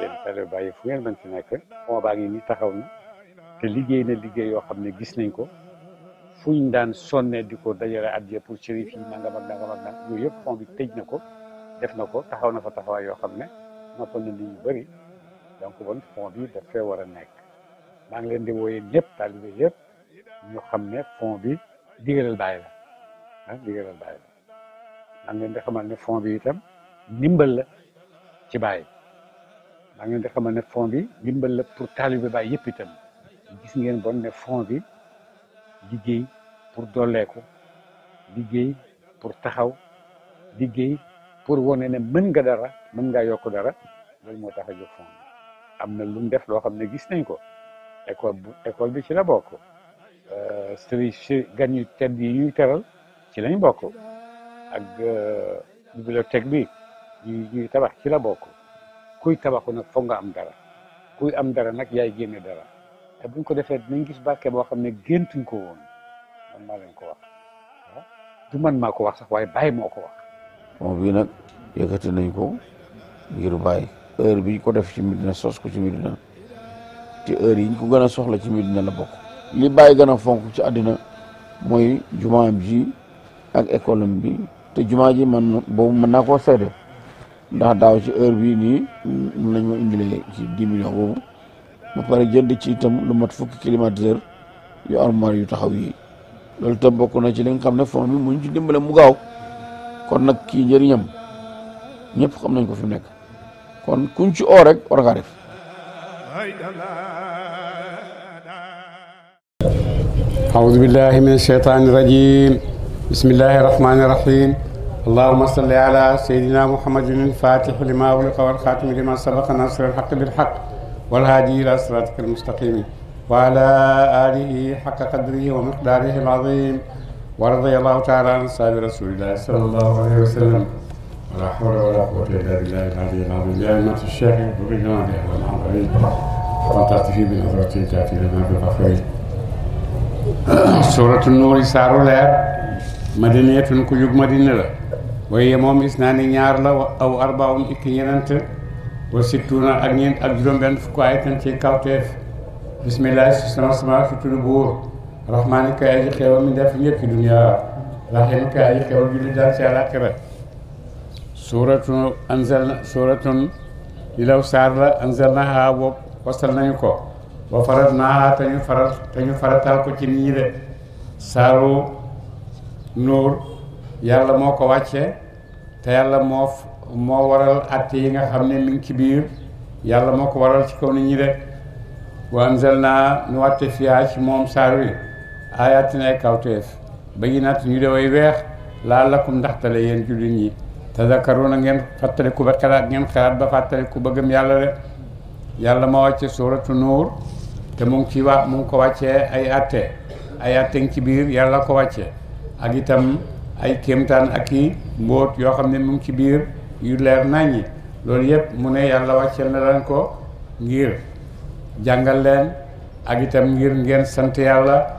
leen tale bàyyi fu ngeen mën si nekk fond baa ngi ni taxaw na te liggéey na liggéey yoo xam ne gis nañ ko fu ñu daan sonne di ko dajale addiya pour shérif yi nangam ak nangam ak nangam yëpp fond bi tëj na ko def na ko taxaw na fa taxawaay yoo xam ne noppal na donc bon fond bi daf nekk maa ngi leen di wooyee ñëpp taalibe yëpp ñu xam ne fond bi digalal bàyyi la ah digalal bàyyi la bi itam ndimbal la ci bàyyi maa ngi leen di xamal ne fond bi ndimbal la pour taalibe Baay yëpp itam gis ngeen bon ne fond bi liggéey pour dolleeku liggéey pour taxaw liggéey pour wone ne mën nga dara mën ngaa yokk dara loolu moo tax a jóg am na lu mu def loo xam ne gis nañ ko école bu école bi ci la bokk euh, sëriñ si gan yu ñuy teral ci lañ bokk ak euh, bibliothèque bi ñuy ñuy tabax ci la bokk kuy tabaku nag foog nga am dara kuy am dara nag yaay génne dara te buñ ko defee dinañ gis barke boo xam ne géntuñ ko woon man maa ko wax du man maa ko wax sax waaye bàyyi moo ko wax. bon bii nag yëkkati nañ ko ngir bàyyi heure bi ko def ci Medina sos ko ci Medina te heure yi ñu ko gën a soxla ci na la bokk. li bàyyi gën a fonk ci àddina mooy jumaam ji ak école bi te jumaa ji man boobu mën naa koo seede ndax daaw ci heure bii nii mun nañ ma indilee ci dix millions boobu ba pare jënd ci itam lu mat fukki climatiseur yu armoire yu taxaw yi loolu itam bokk na ci li nga xam ne fond bi muñ ci dimbale mu gaaw kon nag kii njëriñam ñëpp xam nañ ko fi nekk kon kuñ ci oo rek war ngaa def aoudu billahi min asheytaani rajim bismillahi rahmaani rahim اللهم صل على سيدنا محمد الفاتح لما أغلق والخاتم لما سبق ناصر الحق بالحق والهادي إلى صراطك المستقيم وعلى آله حق قدره ومقداره العظيم ورضي الله تعالى عن أصحاب رسول الله صلى الله عليه وسلم ولا حول ولا قوة إلا بالله العلي العظيم يا أمة الشيخ بغينا به والعظيم فتعتفي بنظرة تأتي لنا بغفرين سورة النور سعر لها madinatun ku jug madina la waaye moom is naa ni ñaar la aw arbaawum ikki ñenent wa sittuuna ak ñeent ak juróom-benn fukk ay tan ci kawteef bismillah si sama sama fi tudd buur rahmaani kay aji xeewal mi julli daal ci àllaaxira suuratu anzal suuratun li saar la anzal na haa boobu wasal nañu ko wa farat naa haa te farat te ko ci nit ñi saaru nuur yàlla moo ko wàcce te yàlla moo moo waral àtte yi nga xam ne mi ngi ci yàlla moo ko waral ci kaw nit ñi de wa anzalnaa nu wàtte fiyaa ci moom saar wi aayaatin ay kawteef bayyinaat ñu de way weex la'allakum ndaxtale yéen jullit ñi tazakkaruuna ngeen fàttaliku ba xalaat ngeen xalaat ba fàttaliku ba gëm yàlla de yàlla moo wàcce suuratu nuur te mu ngi ci wax mu ko wàccee ay àtte ay àtte ngi ci biir yàlla ko wàccee ak itam ay kéemtaan ak i mbóot yoo xam ne mu ci biir yu leer naññi loolu yëpp mu ne yàlla wàcceel na leen ko ngir jàngal leen ak itam ngir ngeen sant yàlla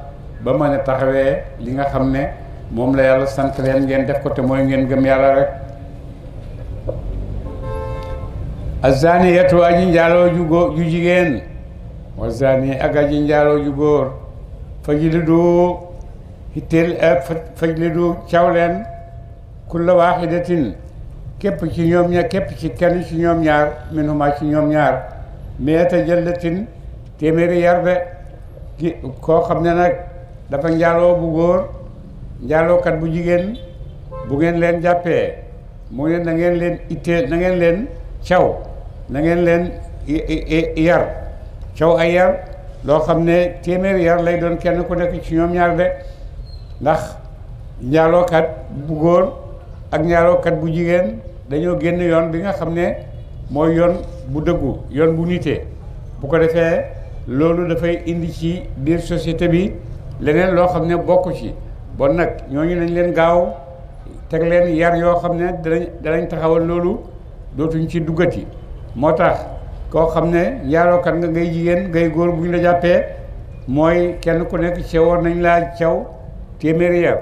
ba mën a taxawee li nga xam ne moom la yàlla sant leen ngeen def ko te mooy ngeen gëm yàlla rek azaniyatu aji njaaloo ju góor ju jigéen wa zani ak aji njaaloo ju góor fajilu du hitteel eh, fajlidu caw leen ku kulla waaxidatin képp ci ñoom ñaar képp ci kenn ci ñoom ñaar minhuma ci ñoom ñaar meeta jëllatin téeméeri yar de koo xam ne nag dafa njaaloo bu góor njaalookat bu jigéen bu ngeen leen jàppee mu ne na ngeen leen itteel na ngeen leen caw na ngeen leen yar caw ay yar loo xam ne téeméeri yar lay doon kenn ku nekk ci ñoom ñaar de ndax njaalookat bu góor ak ñaarookat bu jigéen dañoo génn yoon bi nga xam ne mooy yoon bu dëggu yoon bu nitee bu ko defee loolu dafay indi ci biir société bi leneen loo xam ne bokku ci bon nag ñoo ñooñu nañ leen gaaw teg leen yar yoo xam ne danañ danañ taxawal loolu dootuñ ci duggati moo tax koo xam ne njaalookat nga ngay jigéen ngay góor bu ñu la jàppee mooy kenn ku nekk cewoon nañ laa cew téeméeri yar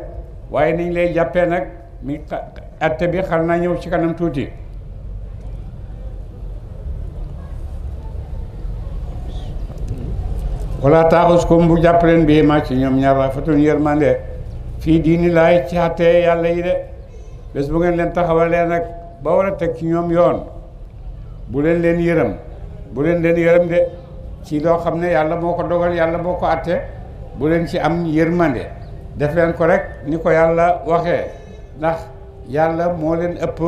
waaye niñ lay jàppee nag mi atte bi xam naa ñëw ci kanam tuuti wala taaxus kom bu jàpp leen bii ma ci ñoom ñaar rafatun yërmande fii diini laay ci àttee yàlla yi de bés bu ngeen leen taxawalee nag ba war a teg ci ñoom yoon bu leen leen yërëm bu leen leen yërëm de ci loo xam ne yàlla moo ko dogal yàlla moo ko àtte bu leen ci am yërmande def leen ko rek ni ko yàlla waxee ndax yàlla moo leen ëpp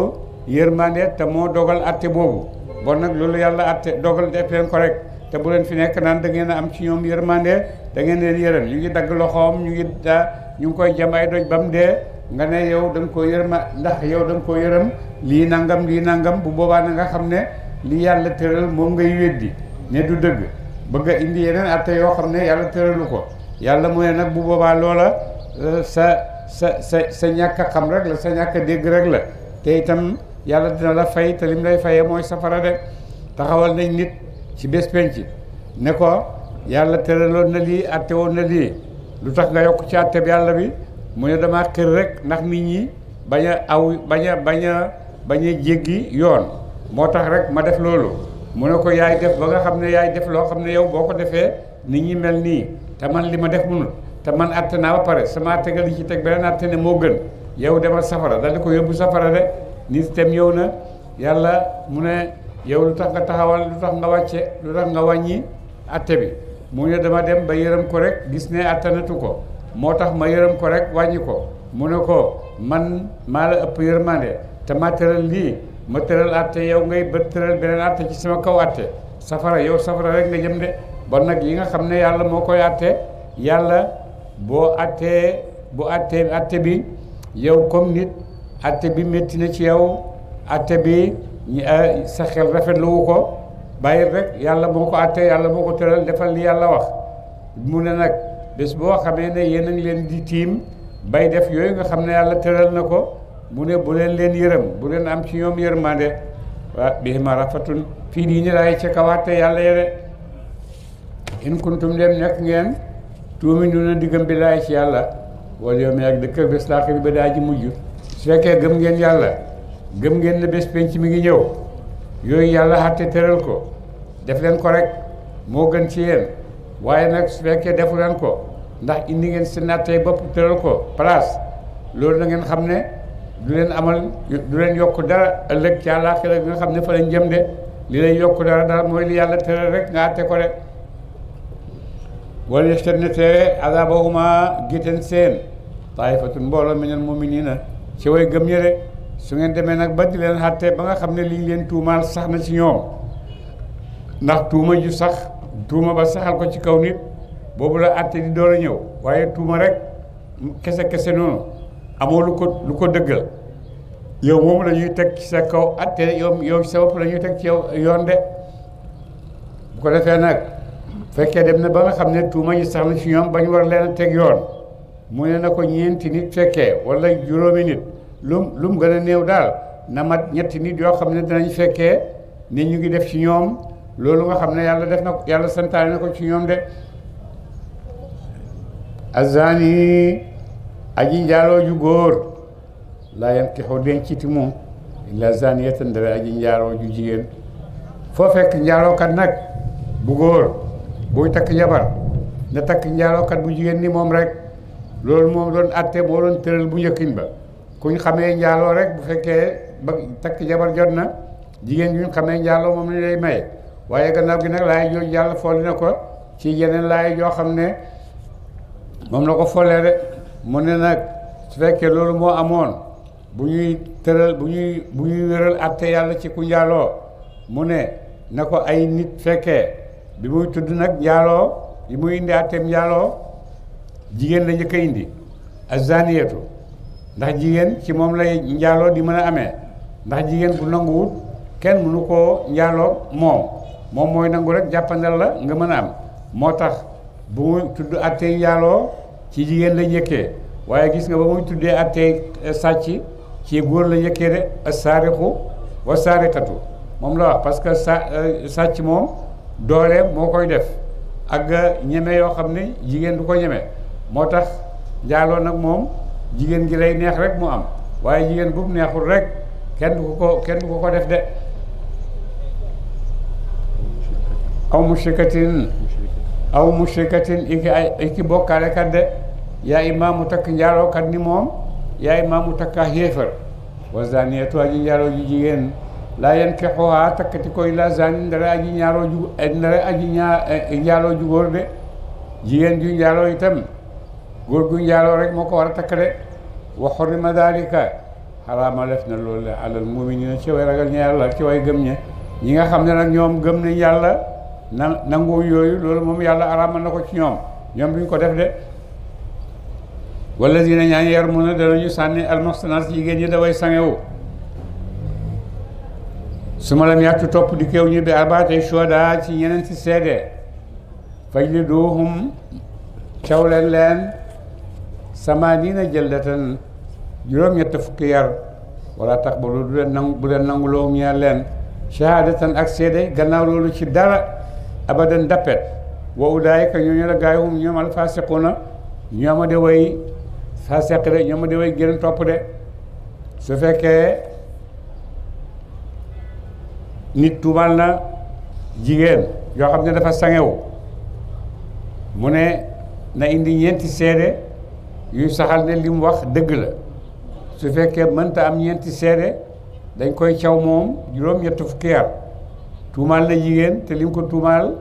yërmande te moo dogal atte boobu bon nag loolu yàlla atte dogal def leen ko rek te bu leen fi nekk naan da ngeen a am ci ñoom yërmande da ngeen leen yërëm ñu ngi dagg loxoom ñu ngi da ñu ngi koy jam ay doj bam mu dee nga ne yow da nga koo yërma ndax yow da nga koo yërëm lii nangam lii nangam bu boobaa na nga xam ne li yàlla tëral moom ngay weddi ne du dëgg bëgg indi yeneen atte yoo xam ne yàlla tëralu ko yàlla mu nag bu boobaa loola Euh, sa sa sa sa ñàkk xam rek la sa ñàkk dégg rek la te itam yàlla dina la fay te lim lay fayee mooy safara de taxawal nañ nit ci bés penc ne ko yàlla tëraloon na lii atte woon na lii lu tax nga yokk ci atte bi yàlla bi mu ne damaa kër rek ndax nit ñi bañ a aw bañ baña bañ a jéggi yoon moo tax rek ma def loolu mu ne ko yaay def ba nga xam ne yaay def loo xam ne yow boo ko defee nit ñi mel nii te man li ma def munul te man atte naa ba pare sama atte ga li ci teg beneen atte ne moo gën yow demal safara dal di ko yóbbu safara de nit tem ñëw na yàlla mu ne yow lu tax nga taxawal lu tax nga wàcce lu tax nga wàññi atte bi mu ne dama dem ba yërëm ko rek gis ne attanatu ko moo tax ma yërëm ko rek wàññi ko mu ne ko man maa la ëpp yërmande te ma tëral lii ma tëral atte yow ngay ba tëral beneen atte ci sama kaw atte safara yow safara rek nga jëm de bon nag yi nga xam ne yàlla moo koy atte yàlla boo attee bu attee atte bi yow comme nit atte bi métti na ci yow atte bi ah, sa xel rafetluwu ko bàyyi rek yàlla moo ko attee yàlla moo ko tëral defal li yàlla wax mu ne nag bés boo xamee ne yéen a leen di tiim bay def yooyu nga xam ne yàlla tëral na ko mu ne bu leen leen yërëm bu leen am ci ñoom yërmande waa bii ma rafatun fii nii ñu laay ca kawaate yàlla yére in kuntum dem nekk ngeen tuuminuuna diggam billaahi ci yàlla wal yawmil aaxir ak bés laaxir ba daa ji mujj su fekkee gëm ngeen yàlla gëm ngeen ne bés penc mi ngi ñëw yooyu yàlla xatte tëral ko def leen ko rek moo gën ci yéen waaye nag su fekkee defu leen ko ndax indi ngeen si nattey bopp tëral ko place loolu na ngeen xam ne du leen amal du leen yokk dara ëllëg ci àllaaxira bi nga xam ne fa lañ jëm de li lay yokku dara dara mooy li yàlla tëral rek nga àtte ko rek wala yester ne teewe azabahuma géttan seen taifatun mbooloo minal muminina ci way gëm ñi de su ngeen demee nag ba di leen xàtte ba nga xam ne lii leen tuumaal sax na ci ñoom ndax tuuma ju sax tuuma ba saxal ko ci kaw nit boobu la àtte di door a ñëw waaye tuuma rek kese kese noonu amoo lu ko lu ko dëggal yow moom la ñuy teg ci sa kaw àtte yow yow sa bopp la ñuy teg ci yow yoon de bu ko defee nag fekkee dem na ba nga xam ne tuuma ji sax na ci ñoom ba ñu war leen a teg yoon mu ne na ko ñeenti nit fekkee wala juróomi nit lum lum gën a néew daal na mat ñetti nit yoo xam ne danañ fekkee ne ñu ngi def ci ñoom loolu nga xam ne yàlla def na ko yàlla santaane na ko ci ñoom de azani aji njaaloo ju góor laa yankixu denciti moom illa zaniyatan dara aji njaaloo ju jigéen foo fekk kat nag bu góor buy takk jabar na takk njaalookat bu jigéen ni moom rek loolu moom doon atte moo doon tëral bu njëkkiñ ba kuñ xamee njaaloo rek bu fekkee ba takk jabar jot na jigéen ñu xamee njaaloo moom ni lay may waaye gannaaw gi nag laay jooju yàlla folli na ko ci yeneen laay joo xam ne moom la ko follee de mu ne nag su fekkee loolu moo amoon bu ñuy tëral bu ñuy bu ñuy wéral atte yàlla ci ku njaaloo mu ne na ko ay nit fekkee bi muy tudd nag njaaloo bi muy indi àtteem njaaloo jigéen la njëkk a indi azaniyatu ndax jigéen ci moom lay njaaloo di mën a amee ndax jigéen bu nanguwut kenn mënu ko njaaloo moom moom mooy nangu rek jàppandal la nga mën a am moo tax bu muy tudd àtteey njaaloo ci jigéen la njëkkee waaye gis nga ba muy tuddee àtteey eh, sàcc ci góor la njëkkee de saariqu wa saariqatu moom la wax parce que sa eh, sàcc moom doole moo koy def ak ñeme yoo xam ne jigéen du ko ñeme moo tax njaaloo nag moom jigéen gi lay neex rek mu am waaye jigéen bu mu neexul rek kenn du ko kenn du ko ko def de aw mushrikatin aw mushrikatin iki ay iki bokkaale kat de yaa mu takk njaaloo kat ni moom yaa imaamu takka xéefar wa zaaniyatu aji njaaloo ji jigéen laa yen fexowa takkati koy la zanin ndara aji ñaaroo ju eh, ndara aji eh, njaaloo ju góor de jigéen ju njaaloo itam góor gu njaaloo rek moo ko war a takk de wa xorima dalika xaraama lef na loolu la alal muminina ci way ragal ña yàlla ci way gëm ñe ñi nga xam ne nag ñoom gëm nañ yàlla na nanguwuñ yooyu loolu moom yàlla araama na ko ci ñoom ñoom duñ ko def de wala dina ñaan yar mun a danañu sànni yi jigéen ñi daway sangewu su ma lam yàttu topp di kew ñu bi arbaatay shuhadaa ci si seede fajliduuhum caw leen leen samaaniina jëldatan juróom-ñett fukki yar wala tax ba du leen nangu bu leen nangu loo ñaar leen shahaadatan ak seede gannaaw loolu ci dara abadan dappet wa ulaayika ñooñu la gaay hum ñoom al faasiquuna ñooma de way faasiq de ñooma de way gën topp de su fekkee nit tuumaal na jigéen yoo xam ne dafa sangewu mu ne na indi ñeenti seede yuy saxal ne li wax dëgg la su fekkee mënta am ñeenti seede dañ koy caw moom juróom-ñett fukki at tuumaal na jigéen te li mu ko tuumaal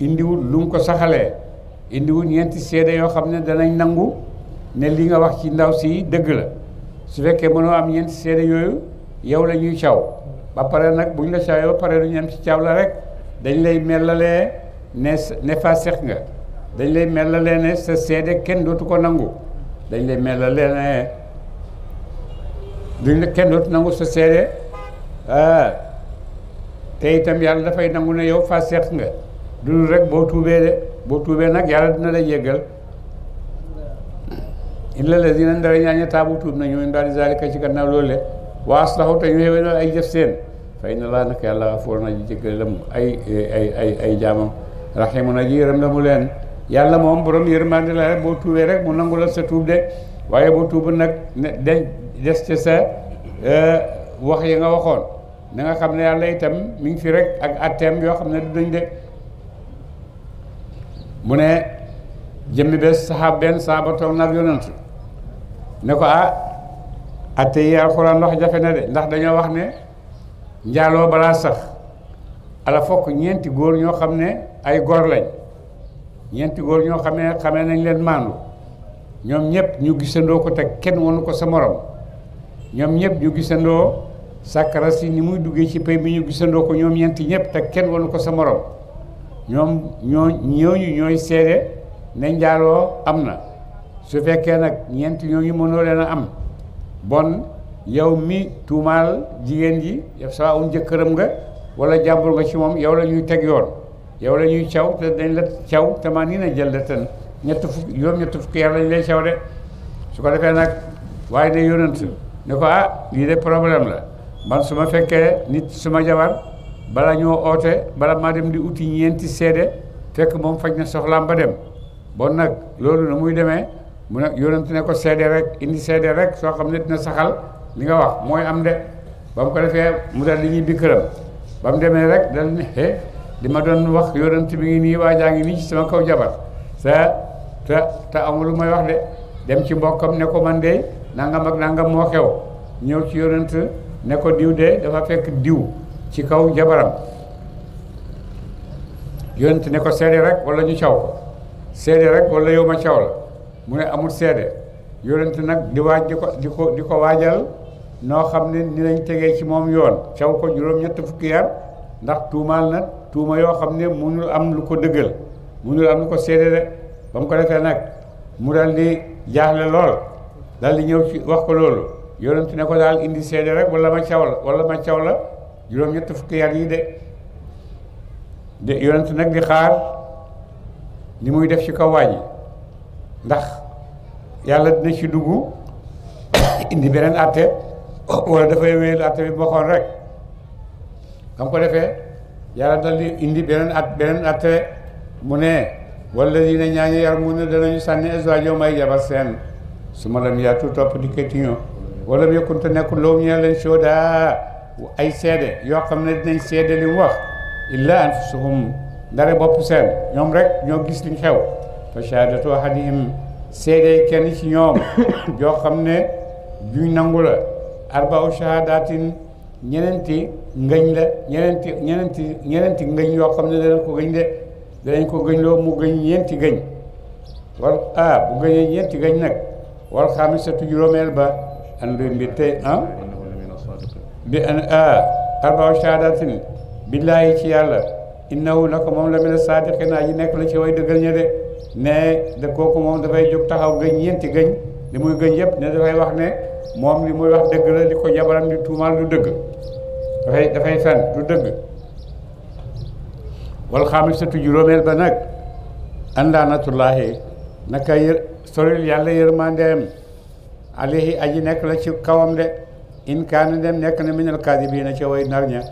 indiwul lu mu ko saxalee indiwul ñeenti seede yoo xam ne danañ nangu ne li nga wax ci ndaw si dëgg la su fekkee mënoo am ñeenti seede yooyu yow lañuy ñuy caw ba pare nag bu ñu la caawee ba pare du ñu am ci caaw la rek dañ lay melalee ne ne fa sex nga dañ lay melalee ne sa seede kenn dootu ko nangu dañ lay melalee ne duñ la kenn dootu nangu sa seede ah te itam yàlla dafay nangu ne yow fa sex nga dul rek boo tuubee de boo tuubee nag yàlla dina lay jéggal illa lazina ndara ñaaña taabu tuub na ñu min ba'di zaalika ci gannaaw loolu wa aslahu te ñu xewenal ay jëf seen fay na laa nag yàlla foor na ji la mu ay ay ay ay jaamam raximu na ji yërëm la mu leen yàlla moom borom yërmande la boo tuubee rek mu nangu sa tuub de waaye boo tuubu nag de des ca sa euh, wax yi nga waxoon na nga xam ne yàlla itam mi ngi fi rek ak atteem yoo xam ne du dañ de ne jëmmi bés saxaab benn saaba toog nag yonantu ne ko ah atte yi alxuraan wax jafe na de ndax dañoo wax ne njaaloo balaa sax ala fokk ñeenti góor ñoo xam ne ay góor lañ ñeenti góor ñoo xamee xamee nañ leen maandu ñoom ñëpp ñu gisandoo ko te kenn wanu ko sa morom ñoom ñëpp ñu gisandoo si ni muy duggee ci pay bi ñu gisandoo ko ñoom ñeenti ñëpp te kenn wanu ko sa ñoom ñoo ñooñu ñooy seede ne njaaloo am na su fekkee nag ñeenti ñooñu mënoo leen a am bon yow mi tuumaal jigéen ji yow saa un jëkkëram nga wala jàmbur nga ci moom yow la ñuy teg yoon yow lañuy ñuy caw te dañ la caw te maa nii na jël de ten ñett fukk yoom ñett fukki yar lañ lay caw de su ko defee nag waaye de yonent ne ko ah lii de problème la man su ma fekkee nit suma jabar bala ñoo oote bala maa dem di uti ñeenti seede fekk moom faj na soxlaam ba dem bon nag loolu na muy demee mu ne yonent ne ko seede rek indi seede rek soo xam ne dina saxal li nga wax mooy am de ba mu ko defee mu dal li ñuy bi ba mu demee rek dal ne li ma doon wax yonent bi ngi nii waa jaa ngi nii ci sama kaw jabar sa te te amul lu may wax de dem ci mbokkam ne ko man de nangam ak nangam moo xew ñëw ci yonent ne ko diw de dafa fekk diw ci kaw jabaram yonent ne ko seede rek wala ñu caw ko rek wala yow ma caw la mu ne amul seede yonent nag di waaj di ko di ko di ko waajal noo xam ne ni lañ tegee ci moom yoon caw ko juróom-ñett fukki yar ndax tuumaal na tuuma yoo xam ne munul am lu ko dëggal munul am lu ko seede de ba mu ko defee nag mu dal di jaaxle lool dal di ñëw ci wax ko loolu yonent ne ko daal indi seede rek wala ma caw la wala ma caw la juróom-ñett fukki yar yi de de yonent nag di xaar li muy def ci kaw waaji ndax yàlla dina ci dugg indi beneen àtte wala dafay wéyal àtte bi bokkoon rek xam ko defee yàlla dal di indi beneen at beneen àtte mu ne wala dina ñaañu yar mu ne danañu sànni azwaajahum ay jabar seen su ma lam yaatu topp di këtiñoo wala mu yëkkunte nekkul loolu ñee leen ay seede yoo xam ne dinañ seede li wax illa anfusuhum ndare bopp seen ñoom rek ñoo gis liñ xew fa shahadatu ahadihim seede kenn ci ñoom joo xam ne juñ nangu la arbau shahadatin ñeneenti ngëñ la ñeneenti ñeneenti ñeneenti ngëñ yoo xam ne danañ ko gëñ de danañ ko gëñ loo mu gëñ ñeenti gëñ wal a bu gëñee ñeenti gëñ nag wal xaamisatu juróomeel ba an lu mbi tey ah bi an a arbau shahadatin billaahi ci yàlla innahu naka moom la mina saadiqina aji nekk la ci way dëggal ña de ne de kooku moom dafay jóg taxaw gëñ ñeenti gëñ li muy gëñ yëpp ne dafay wax ne moom li muy wax dëgg la li ko jabaram di tuumaal du dëgg dafay dafay fen du dëgg wal xaamisatu juróomeel ba nag andaanatullaahi naka yër soril yàlla yërmandeem alayhi aji nekk la ci kawam de in kaana dem nekk na minal kaadibiina ca way nar ña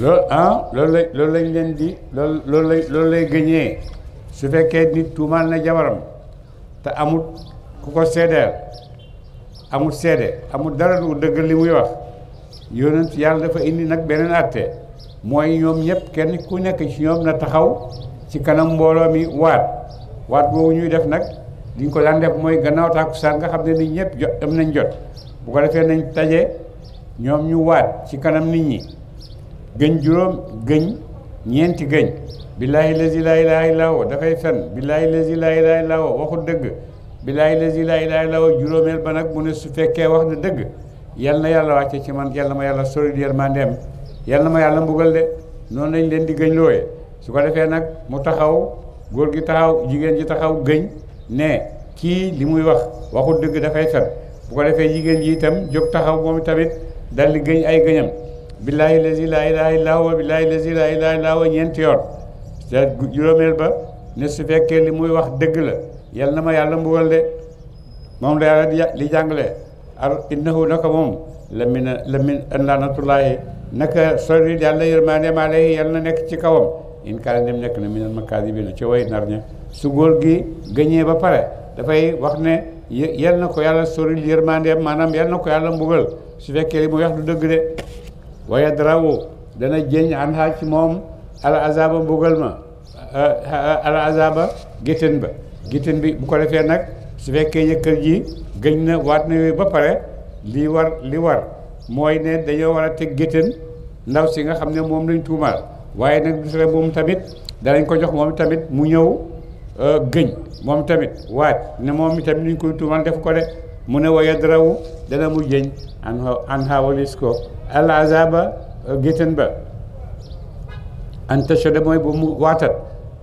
loolu ah loolu la loolu lañ leen di loolu lay loolu lay gëñee su fekkee nit tuumaal na jabaram te amut ku ko seedeel amut seede amut dara lu dëgg li muy wax yonent yàlla dafa indi nag beneen àtte mooy ñoom ñëpp kenn ku nekk ci ñoom na taxaw ci kanam mbooloo mi waat waat boobu ñuy def nag li ko daan def mooy gannaaw tàkkusaan nga xam ne nit ñëpp jot am nañ jot bu ko defee nañ taje ñoom ñu waat ci kanam nit ñi gëñ juróom gëñ ñeenti gëñ billaahi lazi laa ilaaha illaa huwa dafay fen billaahi lazi laa ilaaha illaa huwa waxul dëgg billaahi lazi laa ilaaha illaa huwa juróomeel ba nag mu ne su fekkee wax na dëgg yal na yàlla wàcce ci man yal ma yàlla sori yërmandeem yal na ma yàlla mbugal de noonu lañ leen di gëñ looyee su ko defee nag mu taxaw góor gi taxaw jigéen ji taxaw gëñ ne kii li muy wax waxul dëgg dafay fen bu ko defee jigéen ji itam jóg taxaw moom tamit dal di gëñ ay gëñam billaahi lazi laa ilaaha illaa huwa billaahi lazi laa ilaaha illaa huwa ñeenti yoon sa juróomeel ba ne su fekkee li muy wax dëgg la yal na ma yàlla mbugal de moom la yàlla di jàngale ar innahu naka moom la min la min laanatullaahi naka sori yàlla yërmaandeem alayhi yal na nekk ci kawam in kaana dem nekk na minal makaadibiina ci way nar ña su góor gi gëñee ba pare dafay wax ne yal na ko yàlla sori yërmaandeem maanaam yal na ko yàlla mbugal su fekkee li muy wax du dëgg de waaye darawu dana jëñ an ci moom al azaba mbugal ma eh, al azaba géttan ba géttan bi bu ko defee nag su fekkee jëkkër ji gëñ na waat na ba pare li war li war mooy ne dañoo war a teg géttan ndaw si nga xam ne moom lañ tuumaal waaye nag du moom tamit danañ ko jox moom tamit mu ñëw eh, gëñ moom tamit waat ne moom tamit ñu koy tuumaal def ko de mu ne waaye darawu dana mu jëñ an an xaawalis ko al azaba géttan ba eh, an tashada mooy bu mu waatat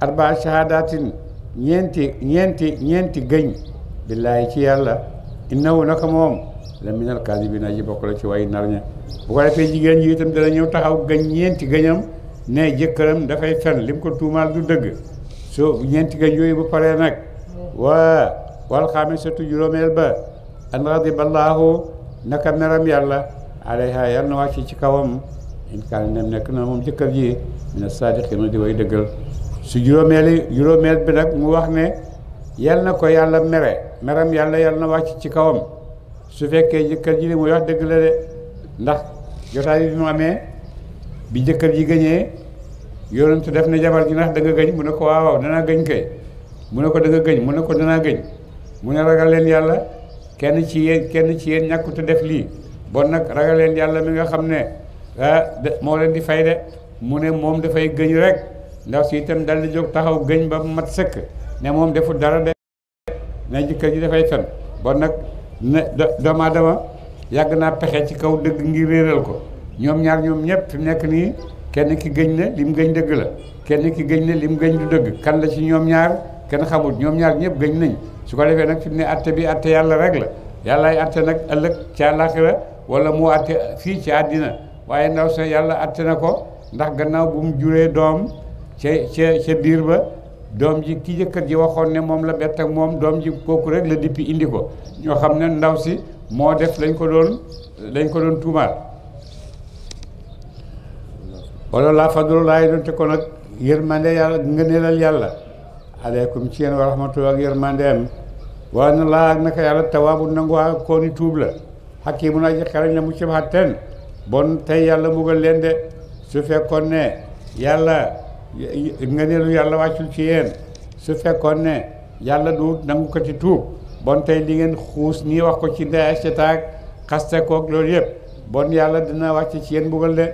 arbaa shahadatin ñeenti ñeenti ñeenti gëñ billaahi ci yàlla innahu naka moom la minal kaadibiina ji bokk la ci way nar ña bu ko defee jigéen ji dana ñëw taxaw gëñ ñeenti gëñam ne jëkkëram dafay fen lim ko tuumaal du dëgg soo ñeenti gëñ ba bu paree nag waa wal xaamisatu juróomeel ba an radiballaahu naka meram yàlla alayha yàlla na wàcc ci kawam in kaana nekk na moom ci kër ji mina saadiqiina di way dëggal su juróomeeli juróomeel bi nag mu wax ne yal na ko yàlla mere meram yàlla yal na wàcc ci kawam su fekkee jëkkër ji li muy wax dëgg la ndax jotaay bi mu amee bi jëkkër ji gañee yonentu def na jabar ji ndax da nga mu ne ko waaw waaw danaa gëñ kay mu ne ko da nga mu ne ko danaa gëñ mu ragal leen yàlla kenn ci yéen kenn ci yéen ñàkkute def lii bon nag ragal leen yàlla mi nga xam ne Eh, moo leen di fay de mu ne moom dafay gëñ rekk ndaw si itam dal jóg taxaw gëñ ba mu mat sëkk ne moom deful dara de na jëkkër ji dafay fen bon nag ne doomu aadama yàgg naa pexe ci kaw dëgg ngir réeral ko ñoom ñaar ñoom ñëpp fi nekk nii kenn ki gëñ ne li mu gëñ dëgg la kenn ki gëñ ne li mu gëñ du dëgg kan la ci ñoom ñaar kenn xamul ñoom ñaar ñëpp gëñ nañ su ko defee nag fi mu ne atte bi atte yàlla rek la yàllaay atte nag ëllëg ci àllaaxira wala moo atte fii ci àddina waaye ndaw sa yàlla atte na ko ndax gannaaw bu mu juree doom ca ca ca biir ba doom ji kii jëkkër ji waxoon ne moom la bett moom doom ji kooku rek la dippi indi ko ñoo xam ne ndaw si moo def lañ ko doon lañ ko doon tuumaal wala laa fadlullaahi doon te ko nag yërmande yàlla ngëneelal yàlla aleykum ci yéen wa rahmatulah ak yërmandeem waa na laa ak naka yàlla tawaabu nanguwaa kooni tuub la xakki mun a ji la mu ci xatteen bon tey yàlla mbugal leen de su fekkoon ne yàlla nga neelu yàlla wàccul ci yéen su fekkoon ne yàlla du nangu ko ci tuub bon tey li ngeen xuus nii wax ko ci ndey ak setaag xaste koog loolu yëpp bon yàlla dina wàcc ci yéen mbugal de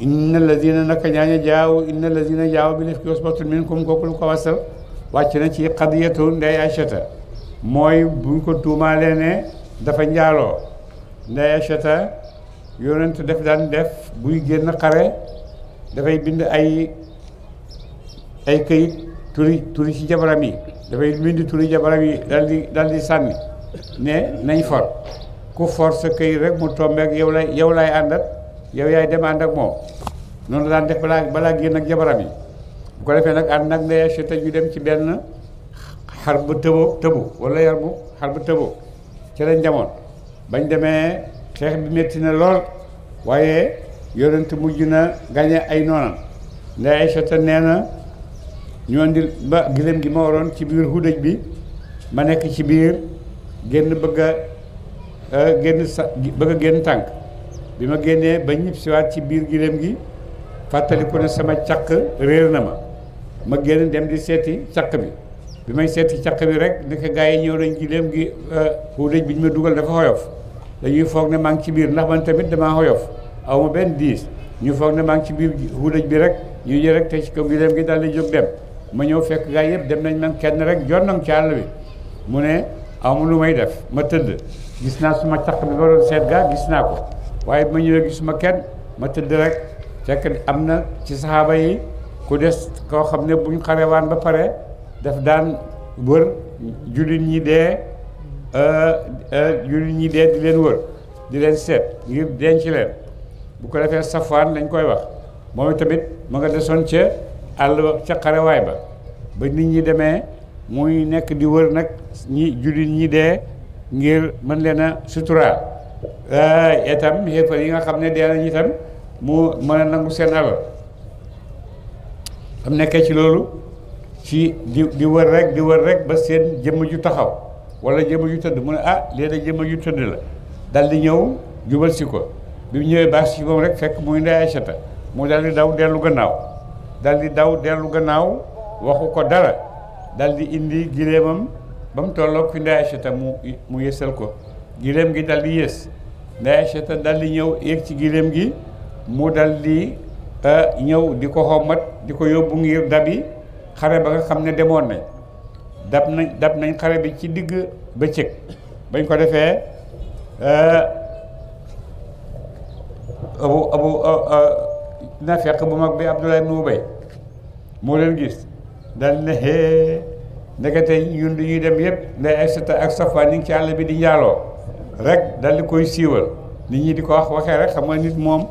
inna lazina naka ñaaña jaaw inna lazina jaaw bi lif ki usbatun minkum kooku lu ko wasal wàcc na ci xadiyatu ndey Aysata mooy buñ ko tuumaalee ne dafa njaaloo Ndeye Chata yonent def daan def buy génn xare dafay bind ay ay këyit turi turi ci jabaram yi dafay bind turi jabaram yi dal di sànni ne nañ for ku for sa këyit rek mu tombeek yow lay yow lay àndat yow yaay dem ànd ak moom noonu daan def balaa balaa génn ak jabaram yi bu ko defee nag ànd nag Ndeye Chata ñu dem ci benn xar bu tëbo tëbu wala yar bu xar bu tëbo ci lañ bañ demee xeex bi metti na lool waaye yonent mujj na gañe ay noonam nday ay sota nee na ñu andil ba gëléem gi ma waroon ci biir hudaj bi ma nekk ci biir génn bëgg génn sa bëgg génn tànk bi ma génnee bañ ñib siwaat ci biir gëléem gi fàttaliku ne sama caq réer na ma ma génn dem di seeti caq bi bi may seeti caq bi rek ndeke gaa yi ñëw nañ gëléem gi hudaj bi ñu ma dugal dafa xoyof dañuy foog ne maa ngi ci biir ndax man tamit damaa woyof aw ma benn diis ñu foog ne maa ngi ci biir hudaj bi rek ñu jë rek te ci kaw gi daal di jóg dem ma ñëw fekk gaay yëpp dem nañ man kenn rek jonnang ci àll bi mu ne aw lu may def ma tëdd gis naa suma caq bi ma doon seet gaa gis naa ko waaye ma ñëwee gisuma kenn ma tëdd rek fekk am na ci saxaaba yi ku des koo xam ne buñ xarewaan ba pare daf daan wër jullit ñi dee jullit e, ñi dee di leen wër di leen seet ngir denc leen bu ko defee safwaan lañ koy wax moom tamit ma nga desoon ca àll ca xarewaay ba ba nit ñi demee muy nekk di wër nag ñi jullit ñi dee ngir mën leen a suturaal itam xéefar yi nga xam ne dee nañ itam mu mën a nangu seen alal am nekkee ci loolu ci di di wër rek di wër rek ba seen jëmm ju taxaw wala jëmm ju tëdd mu ne ah lii da jëmm tëdd la dal di ñëw jubal si ko bi mu ñëwee baax si moom rek fekk muy ndey Aysata mu dal daw dellu gannaaw dal di daw dellu gannaaw waxu ko dara daldi indi gileemam ba mu tolloog fi ndey Aysata mu mu yësal ko gileem gi dal di yës ndey Aysata dal di ñëw yéeg ci gileem gi mu dal di euh, ñëw di ko xommat di ko yóbbu ngir dabi xare ba nga xam ne demoon nañ dab nañ dab nañ xare bi ci digg cëg bañ ko defee eh, abu abu eh, eh, na fekk bu mag bi Abdoulaye ibn Ubay moo leen gis dal ne hee ndekete ñun ñuy dem yëpp nday ay ak safa ni ngi ci àll bi di njaaloo rek dal di koy siiwal nit ñi di ko wax waxee rek xam nga nit moom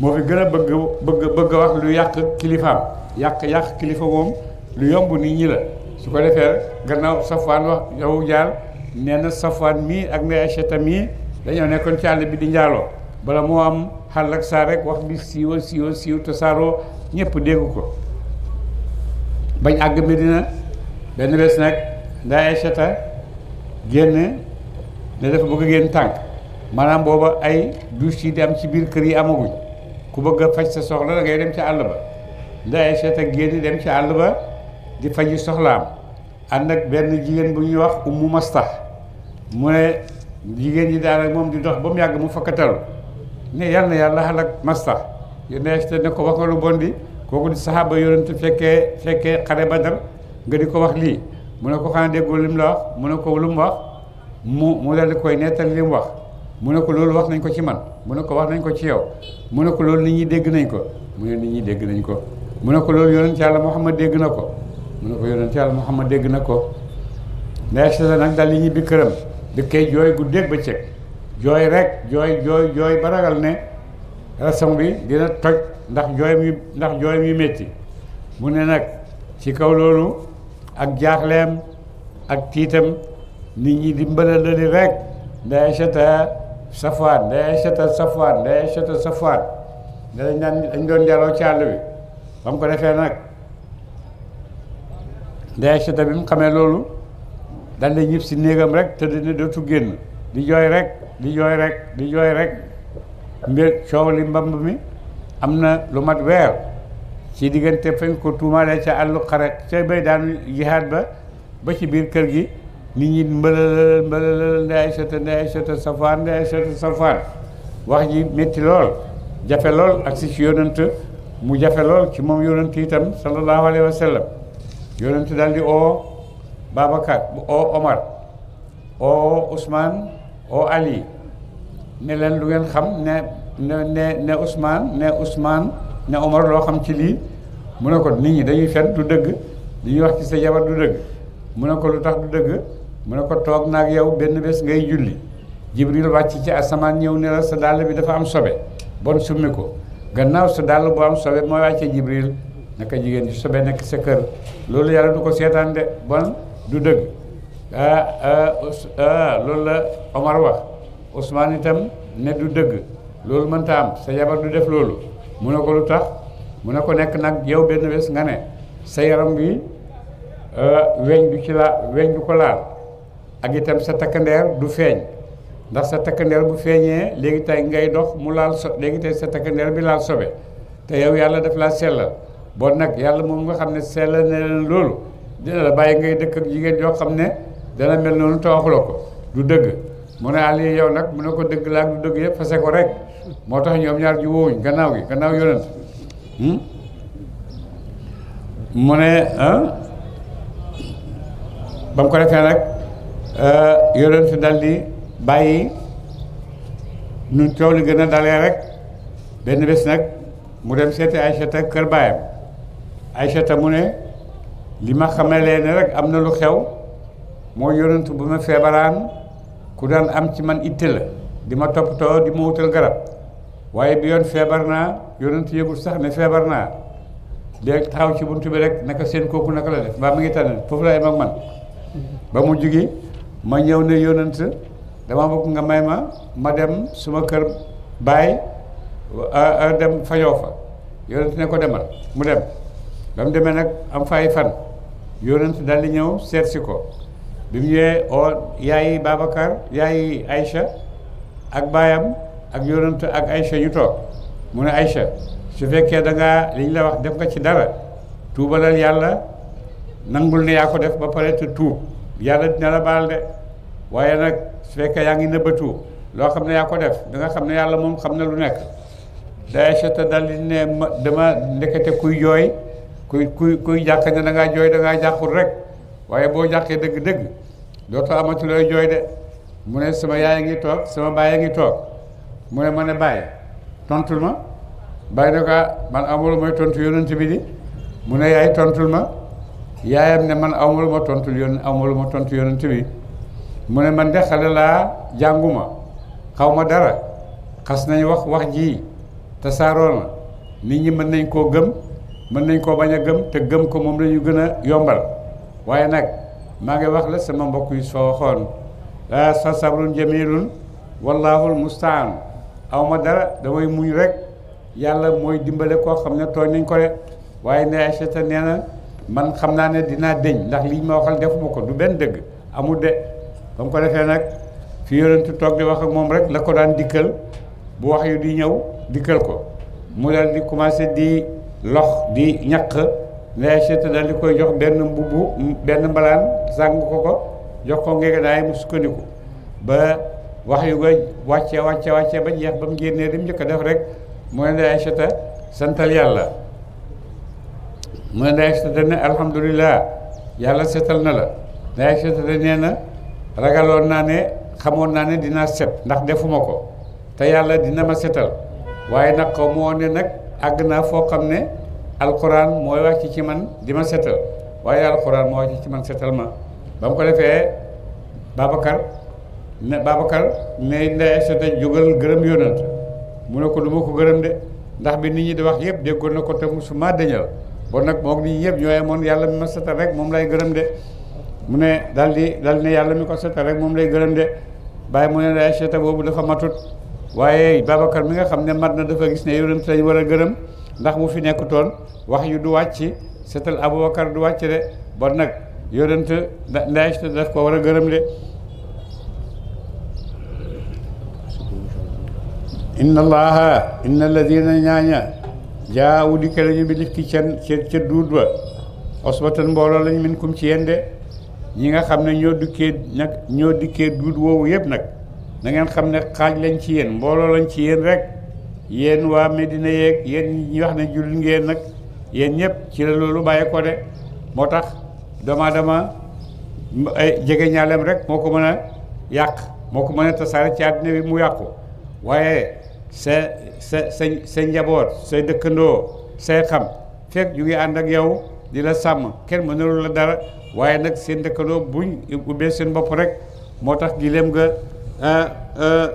moo fi gën a bëgg bëgg bëgg wax lu yàq kilifaam yàq yàq kilifa moom lu yomb nit ñi la su ko defee gannaaw safwaan wax yow jaar nee na safwaan mii ak ndey Aysata mii dañoo nekkoon ci àll bi di njaaloo bala moo am xàll ak saa rek wax bi siiwa siiwa siiw te saaroo ñëpp dégg ko bañ àgg Medina benn bés nag ndey Aysata génn ne dafa bëgg a génn tànk maanaam booba ay douche yi di am ci biir kër yi amaguñ ku bëgg faj sa soxla da ngay dem ci àll ba ndey Aysata génn dem ci àll ba di faji soxlaam ànd ak benn jigéen bu ñuy wax ummu mastax mu ne jigéen ñi daal ak moom di dox ba mu yàgg mu fakkatalu ne yàlla na yàlla xalak mastax yonent ne ko wax nga lu bon di kooku di ba yonent fekkee fekkee xare Badar nga di ko wax lii mu ne ko xanaa déggoo lim la wax mu ne ko lu mu wax mu mu daal di koy nettali li wax mu ne ko loolu wax nañ ko ci man mu ne ko wax nañ ko ci yow mu ne ko loolu nit ñi dégg nañ ko mu ne nit ñi dégg nañ ko mu ne ko loolu yonent yàlla Muhammad dégg na ko mu ne ko yonent yàlla Muhammad dégg na ko nday sasa nag dal ñibbi këram dëkkee jooy gu dégg ba cëg jooy rek jooy jooy jooy ba ragal ne raison bi dina toj ndax jooyam yu ndax jooyam yu métti mu ne nag ci kaw loolu ak jaaxleem ak tiitam nit ñi di mbëlalali rek nday sata safwaan nday sata safwaan nday sata safwaan dañ daan dañ doon jaloo ci àll bi ba ko defee nag ndey Aysata bi mu xamee loolu daal di ñib si néegam rek te dina dootu génn di jooy rek di jooy rek di jooy rek mbir coow li mbamb mi am na lu mat weer ci diggante fañ ko tuumaalee ca àllu xare ca bay daan jihaad ba ba ci biir kër gi nit ñi mbalalal mbalalal ndey Aysata ndey Aysata safaan ndey Aysata safaan wax ji métti lool jafe lool ak si ci yonent mu jafe lool ci moom yonent itam sallallahu alayhi wa sallam yonent daal di oo Babacar oo Omar oo osmaan oo Ali ne leen lu ngeen xam ne ne ne ne Ousmane ne Ousmane ne Omar loo xam ci lii mu ne ko nit ñi dañuy fen du dëgg li ñuy wax ci sa jabar du dëgg mu ne ko lu tax du dëgg mu ne ko toog naag yow benn bés ngay julli Jibril wàcc ci asamaan ñëw ne la sa dàll bi dafa am sobe bon summi ko gannaaw sa dàll bu am sobe mooy wàccee Jibril naka jigéen su sobee nekk sa kër loolu yàlla du ko seetaan de bon du dëgg ah, ah, ah loolu la Omar wax Ousmane itam ne du dëgg loolu mënta am sa jabar du def loolu mu ne ko lu tax mu ne ko nekk nag yow benn bés nga ne sa yaram bi ah, weñ du ci la weñ du ko laa ak itam sa takkandeer du feeñ ndax sa takkandeer bu feeñee léegi tey ngay dox mu laal so léegi tey sa takkandeer bi laal sobe te yow yàlla daf laa sellal bon nag yàlla moom nga xam ne seela ne loolu dina la bàyyi ngay dëkk ak jigéen joo xam ne dana mel noonu te waxuloo ko du dëgg mu ne Aliou yow nag mu ne ko dëgg laa du dëgg yëpp fase ko rek moo tax ñoom ñaar ju wowuñ gannaaw gi gannaaw yonent hmm? mu ne ah? ba mu ko defee nag eh, yonent dal di bàyyi nu coow li gën a dalee rek benn bés nag mu dem seeti Aysata kër baayam ay Aysata mu ne li ma xamalee ne rek am na lu xew moo yonent bu ma feebaraan ku daan am ci man itte la di ma toppatoo di ma wutal garab waaye bi yoon feebar naa yonent yëgul sax ne feebar naa léegi taxaw ci bunt bi rek naka seen kooku naka la def mbaa mu ngi tànn foofu la yem man ba mu jóge ma ñëw ne yonent dama bëgg nga may ma ma dem suma kër baay dem fajoo fa yonent ne ko demal mu dem ba mu demee nag am fay fan yonent daal di ñëw seet si ko bi mu ñëwee oo yaayi Babacar yaayi Aïcha ak baayam ak yonent ak Aïcha ñu toog mu ne Aïcha su fekkee da ngaa li ñu la wax def nga ci dara tuubalal yàlla nangul ne yaa ko def ba pare te tuub yàlla dina la baal de waaye nag su fekkee yaa ngi nëbbatu loo xam ne yaa ko def da nga xam ne yàlla moom xam ne lu nekk da Aïcha te daal ne dama ndekete kuy jooy kuy kuy kuy na ne ngaa jooy dangaa ngaa jàqul rek waaye boo jàqee dëgg-dëgg dootoo amati looy jooy de mu ne sama yaay a ngi toog sama baay a ngi toog mu ne mën ne bàyyi tontul ma bàyyi ne ko ah, man amul mooy tontu yonent bi di mu ne yaay tontul ma yaayam ne man amul ma tontu yoon amul ma tontu yonent bi mu ne man de xale laa jànguma xaw ma dara xas nañ wax wax ji tasaaroo na nit ñi mën nañ koo gëm mën nañ koo bañ a gëm te gëm ko moom lañu gën a yombal waaye nag maa ngi wax la sama mbokk yu soo waxoon la sa sabrun jamilun wallaahul mustaan aw ma dara damay muñ rek yàlla mooy dimbale ko xam ne tooñ nañ ko de waaye ne Aysata nee na man xam naa ne dinaa dëñ ndax liñ ma waxal defuma ko du benn dëgg amul de ba mu ko defee nag fi yonentu toog di wax ak moom rek la ko daan dikkal bu wax yi di ñëw dikkal ko mu daal di commencé di lox di ñaq mais Cheikh daal di koy jox benn mbubb benn mbalaan sàng ko ko jox ko ngeeganaay mu sukkandiku ba wax yu nga wàcce wàcce wàcce ba jeex ba mu génnee li mu njëkk def rek mu ne Ndeye Aïchata santal yàlla mu ne Ndeye ne alhamdulilah yàlla setal na la Ndeye Aïchata nee na ragaloon naa ne xamoon naa ne dinaa set ndax defuma ko te yàlla dina ma setal waaye nag moo ne nag. àgg naa foo xam ne alxuraan mooy wàcc ci man di ma setal waaye alxuraan moo wàcc ci man setal ma ba mu ko defee Babacar ne Babacar ne Ndeye Aïssata jógal gërëm yonant mu ne ko du ma ko gërëm de ndax bi nit ñi di wax yëpp déggoon na ko te su ma dañal bon nag moom nit ñi yëpp ñooy moon yàlla mi ma setal rek moom lay gërëm de mu ne daal di daal ne yàlla mi ko setal rek moom lay gërëm de bàyyi mu ne Ndeye Aïssata boobu dafa matut waaye Babacar mi nga xam ne mat na dafa gis ne yonent lañ war a gërëm ndax bu fi nekkutoon wax yu du wàcc seetal Aboubacar du wàcc de bon nag yonent ndax daf ko war a gërëm de inna allaha inna alladina ñaaña jaawu dikke lañu bi lif ki can ca ca duut ba osbatan mbooloo lañu min kum ci yende ñi nga xam ne ñoo dikkee nag ñoo dikkee duut woowu yëpp nag na xam ne xaaj lañ ci yéen mbooloo lañ ci yéen rek yéen waa Medina yeeg yéen ñi wax ne jullit ngeen nag yéen ñëpp ci la loolu bàyyi ko de moo tax doomu dama ay jege ñaaleem rek moo ko mën a yàq moo ko mën a tasaare ci àddina bi mu yàqu waaye sa sa sa sa njaboot say dëkkandoo say xam fekk ñu ngi ànd ak yow di la sàmm kenn mënalul la dara waaye nag seen dëkkandoo buñ ubbee seen bopp rek moo tax gileem ga Euh, euh,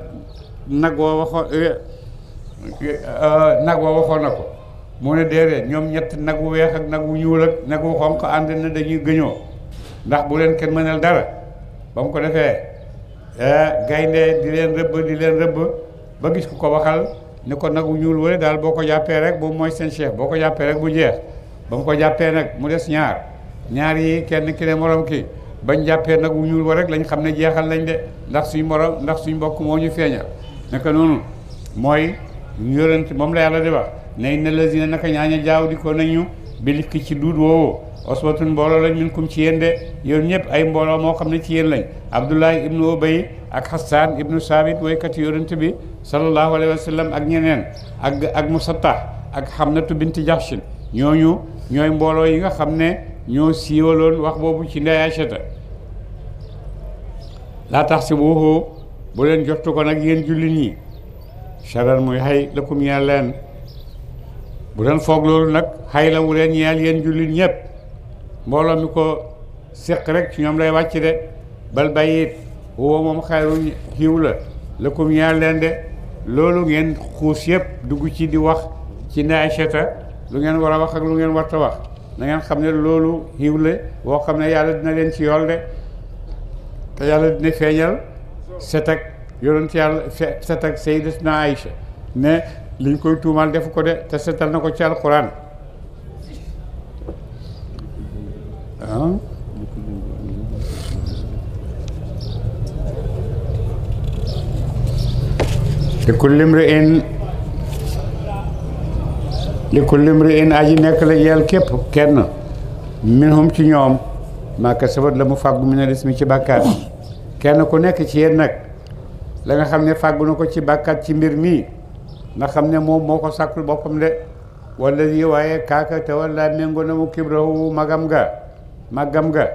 nag wa waxoon euh, nag wa waxoon na ko mu ne déedéet ñoom ñett nag wu weex ak nag wu ñuul ak nag wu xonq ànd na dañuy gëñoo ndax bu leen kenn mënal dara ba mu ko defee gaynde di leen rëbb di leen rëbb ba gis ku ko waxal ni ko nag wu ñuul wala daal boo ko jàppee rek bu mooy seen chef boo ko jàppee rek bu jeex ba mu ko jàppee nag mu des ñaar ñaar yi kenn ki ne morom ki bañ jàppee nag wu ñuul wa rek lañ xam ne jeexal nañ de ndax suñ morom ndax suñ mbokk moo ñu feeñal naka noonu mooy yonent moom la yàlla di wax ne na lazina naka ñaaña jaaw di ko nañu bilif ki ci duut woowu oswatun mbooloo lañ min kum ci yéen de yéen ñëpp ay mbooloo moo xam ne ci yéen lañ abdoulahi ibnu obay ak hassan ibnu sabit woykati yonent bi sallallahu alayhi wa sallam ak ñeneen ak ak musattah ak xamnatu binti jahshin ñooñu ñooy mbooloo yi nga xam ne ñoo siiwaloon wax boobu ci Ndey Asata laa tax si boobu bu leen joxtu ko nag yéen jullit ñi saran muy xay la kum leen bu leen foog loolu nag xay la mu leen ñeel yéen jullit ñëpp mbooloo mi ko séq rek ci ñoom lay wàcc de bal bayit woo moom xayru xiiw la la kum leen de loolu ngeen xuus yëpp dugg ci di wax ci Ndey Asata lu ngeen war a wax ak lu ngeen warta wax na xam ne loolu xiw la boo xam ne yàlla dina leen ci yool de te yàlla dina feeñal set ak yonent yàlla set ak Sayyidatuna Aïcha ne liñ koy tuumaal defu ko de te setal na ko ci alquran ah te kullu imri'in li ko limri in aji nekk la yeel képp kenn minhum ci ñoom maa kasabat la mu fàggu mina lismi ci bàkkaat kenn ku nekk ci yéen nag la nga xam ne fàggu na ko ci bàkkaat ci mbir mii nga xam ne moom moo ko sàkkul boppam de wala yi waaye kaaka te wala méngoo na mu kibrahu magam ga màggam ga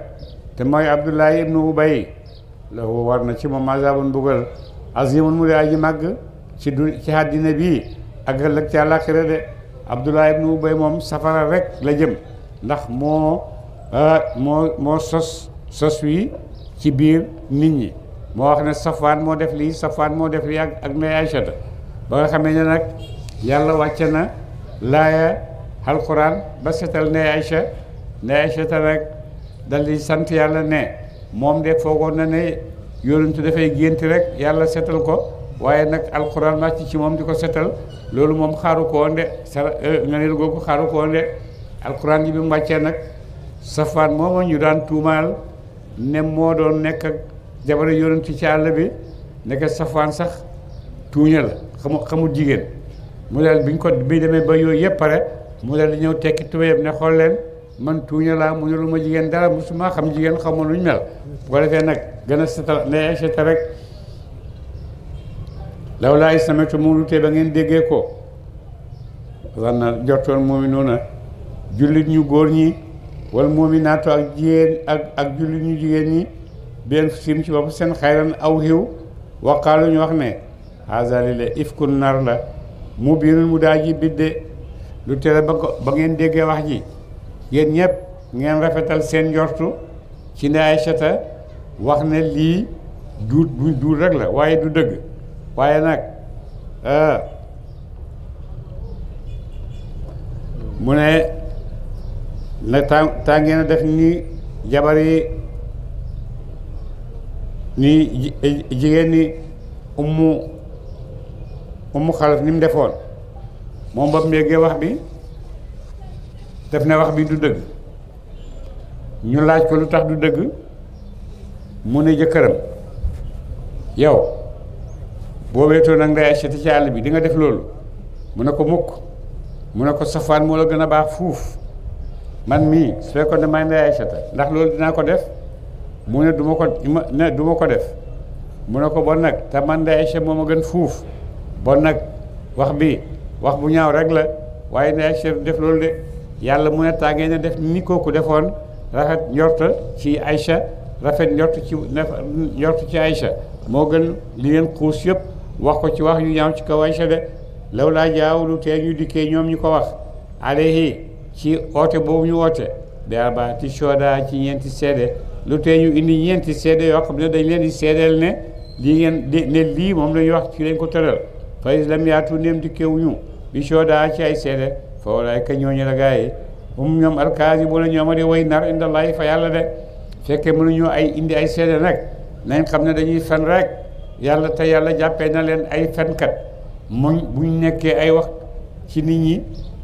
te mooy abdullahi ibnu ubay lahu war na ci moom azabun bugal azimun mu de aji màgg ci du ci bii ak ëllëg ci àllaaxira de Abdullah ibnu Ubay moom safara rek la jëm ndax moo euh, moo moo sos sos wi ci biir nit ñi moo wax ne safwaan moo def lii safwaan moo def lii ak ak Ndey Aysata ba nga xamee ne nag yàlla wàcce na laaya alquran ba setal ne ay Ndey Aysata nag dal di sant yàlla ne moom de foogoon na ne yonentu dafay gént rek yàlla setal ko waaye nag alxuraan wàcc ci moom di ko setal loolu moom xaaru ko woon de sara euh, nga ne googu xaaru ko woon de alxuraan yi bi mu wàccee nag safaan mooma ñu daan tuumaal ne moo doon nekk ak jabar yonent ci àll bi nekk safaan sax tuuña la xamu xamul jigéen mu daal biñ ko bi demee ba yooyu yëpp pare mu daal di ñëw tekki tubéyam ne xool leen man tuuña laa mu ne lu ma jigéen dara musuma xam jigéen xamul ma luñ mel bu ko defee nag gën a setal ne setal rek law laa istamatu mu lutee ba ngeen déggee ko zan na jortoon moomi noona jullit ñu góor ñi wala moomi naatu ak jigéen ak jullit ñu jigéen ñi benn sim ci bopp seen xayran aw xiw waqaalu ñu wax ne haazali la nar la mu biirul mu daa ji bidde lu tere ba ngeen déggee wax ji yéen ñëpp ngeen rafetal seen njortu ci ne Aysata wax ne lii duut bu duut rek la waaye du dëgg waaye nag euh, mu ne na tàng tàngee na def ni jabar yi ni jigéen ni ummu ummu xalaf ni mu defoon moom ba mu déggee wax bi def ne wax bi du dëgg ñu laaj ko lu tax du dëgg mu ne jëkkëram yow boo wéetoo nag nday Aysata ci àll bi dinga def loolu mu ne ko mukk mu ne ko safaan moo la gën a baax fuuf man mii su fekkoon ne may nday Aysata ndax loolu dinaa ko def mu ne du ma ko ne du ko def mu ne ko bon nag te man nday Aysata moo ma gën fuuf bon nag wax bi wax bu ñaaw rek la waaye nday Aysata def loolu de yàlla mu ne tàngee na def ni kooku defoon rafet njort ci Aysa rafet njort ci njort ci Aysa moo gën li ngeen xuus yëpp wax ko ci wax ñu ñaaw ci kaw Aysa de law laa jaaw lu tee ñu dikkee ñoom ñu ko wax alayhi ci oote boobu ñu oote bi arbaati shooda ci ñeenti seede lu tee ñu indi ñeenti seede yoo xam ne dañ leen di seedeel ne lii ngeen ne lii moom la ñuy wax ci lañ ko tëral fay lam yaatu ndéem dikkewuñu bi shooda ci ay seede fa walaay ka ñooñu la gaa yi um ñoom alkaasi bu la ñooma de way nar indallahi fa yàlla de fekkee mënuñu ay indi ay seede nag nañ xam ne dañuy fen rek yàlla te yàlla jàppee na leen ay fenkat muñ bu ñu nekkee ay wax ci nit ñi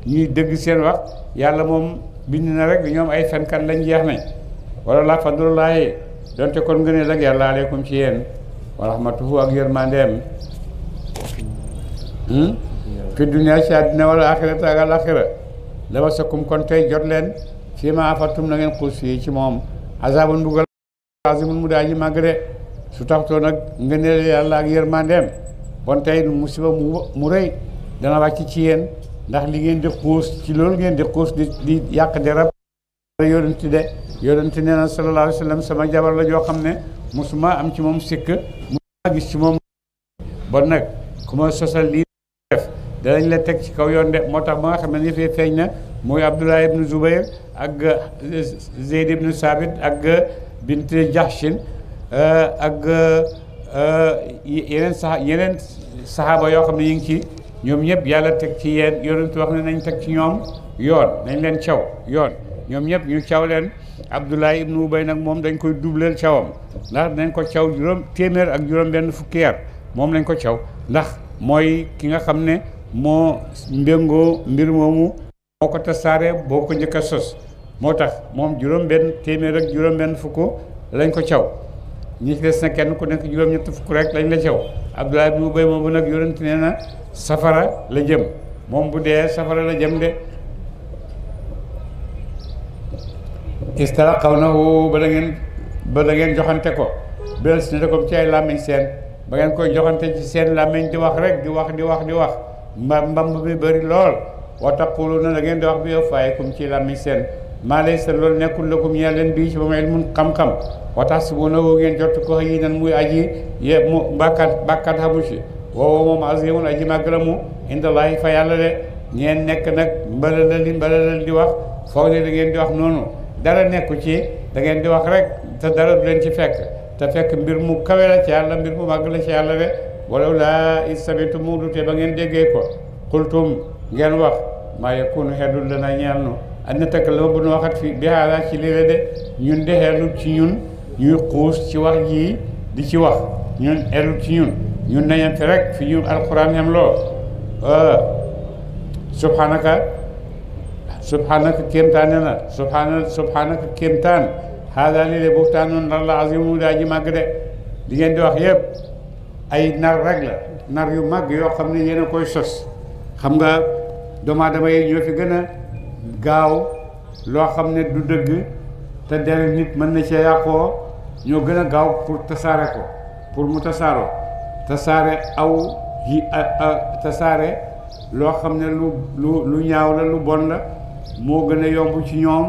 ñuy dëgg seen wax yàlla moom bind na rek ñoom ay fenkat lañ jeex nañ wala laa fadlulaahi donte kon nga ne nag yàlla aleykum ci yéen wa rahmatuhu ak yërmandeem hmm? fi dunya ci àddina wala axirata ak alaxira la wasakum kon tey jot leen fii ma afatum na ngeen xuus fii ci moom azabun mbugal azimun mu daa ji màgg de su taxutoo nag ngëneel yàlla ak yërmandeem bon tey musiba mu mu rëy dana wàcc ci yéen ndax li ngeen di xuus ci loolu ngeen di xuus di di yàq derab yonent de yonent nee na sallallahu alayhi wa sallam sama jabar la ñoo xam ne musuma am ci moom sikk musuma gis ci moom bon nag ku ma sosal lii def danañ la teg ci kaw yoon de moo tax ba nga xam ne ni fee feeñ na mooy Abdullah ibn Zubayr ak euh, Zeyd ibn Sabit ak euh, bint Jahshin Euh, ak euh, yeneen sax yeneen saxaaba yoo xam ne yi ngi ci ñoom ñëpp yàlla teg ci yéen yonentu wax ne nañ teg ci ñoom yoon nañ leen caw yoon ñoom ñëpp ñu caw leen Abdullah ibnu Ubay nag moom dañ koy dubleel cawam ndax dañ ko caw juróom téeméer ak juróom benn fukki at moom lañ ko caw ndax mooy ki nga xam ne moo mbéngoo mbir moomu moo ko tasaare boo ko njëkk a sos moo tax moom juróom benn téeméer ak juróom benn fukk lañ ko caw ñi des na kenn ku nekk juróom-ñett fukk rek lañ la caw Abdoulaye ibn Ubay moomu nag yonent nee na safara la jëm moom bu dee safara la jëm de istara xaw na wu ba da ba da ngeen joxante ko bel si ne ko ci ay làmmiñ seen ba ngeen koy joxante ci seen làmmiñ di wax rek di wax di wax di wax mba mbamb bi bari lool wa taquluna na ngeen di wax bi yow faayekum ci làmmiñ seen maa laysa loolu nekkul lakum ñeel leen bii ci ba may mun xam-xam watax si bu nawoo ngeen jot ko yi nan muy aji ye mu bàkkaat bàkkaat xamu ci woowo moom azimun aji màggalamu indallaahi fa yàlla de ngeen nekk nag mbalalal li mbalalal di wax foog ne da ngeen di wax noonu dara nekku ci da ngeen di wax rek te dara du leen ci fekk te fekk mbir mu kawe ci yàlla mbir mu màgg la ci yàlla de walaw laa istabitu mu dutee ba ngeen déggee ko xultum ngeen wax maa yakunu xedul dana ñeel nu an na takkaloo bu noo xat fi bixaala ci lii la de ñun de xeerlut ci ñun ñuy xuus ci wax jii di ci wax ñun xeerlut ci ñun ñun nañante rek fi ñu alquran yam loo ah, subhanaka subhanaka kéemtaane na subhana subhanaka kéemtaan xaala lii de buxtaan noonu nar la azimu daa ji màgg de li ngeen di wax yëpp ay nar rek la nar yu mag yoo xam ne yéen a koy sos xam nga doomu aadama yi ñoo fi gën a gaaw loo xam ne du dëgg te dere nit mën na cee yàqoo ñoo gën a gaaw pour tasaare ko pour mu tasaaroo tasaare aw yi tasaare loo xam ne lu lu lu ñaaw la lu bon la moo gën a yomb ci ñoom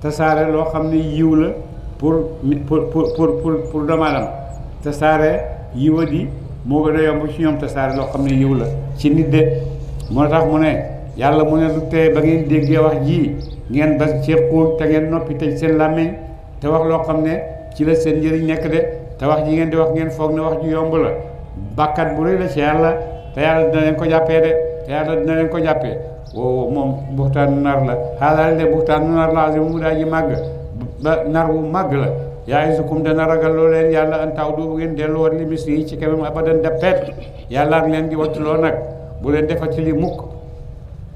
tasaare loo xam ne yiw la pour pour pour pour pour damaalam tasaare yiwa di moo gën a yomb ci ñoom tasaare loo xam ne yiw la ci nit de moo tax mu ne yàlla mu ne lu tee ba ngeen déggee wax jii ngeen ba seqoo te ngeen noppi tëj seen làmmiñ te wax loo xam ne ci la seen njëriñ nekk de te wax ji ngeen di wax ngeen foog ne wax ju yomb la bàkkat bu rëy la ci yàlla dina leen ko jàppee de te yàlla dina leen ko jàppee wow moom buxtaanu nar la xaalaale de buxtaanu nar la azim mu daa màgg ba nar wu màgg la yaay sukum dana ragal loo leen yàlla an taw bu ngeen dellu woon li misri yi ci kemam abadan da peet yàlla leen di wattuloo nag bu leen defal ci li mukk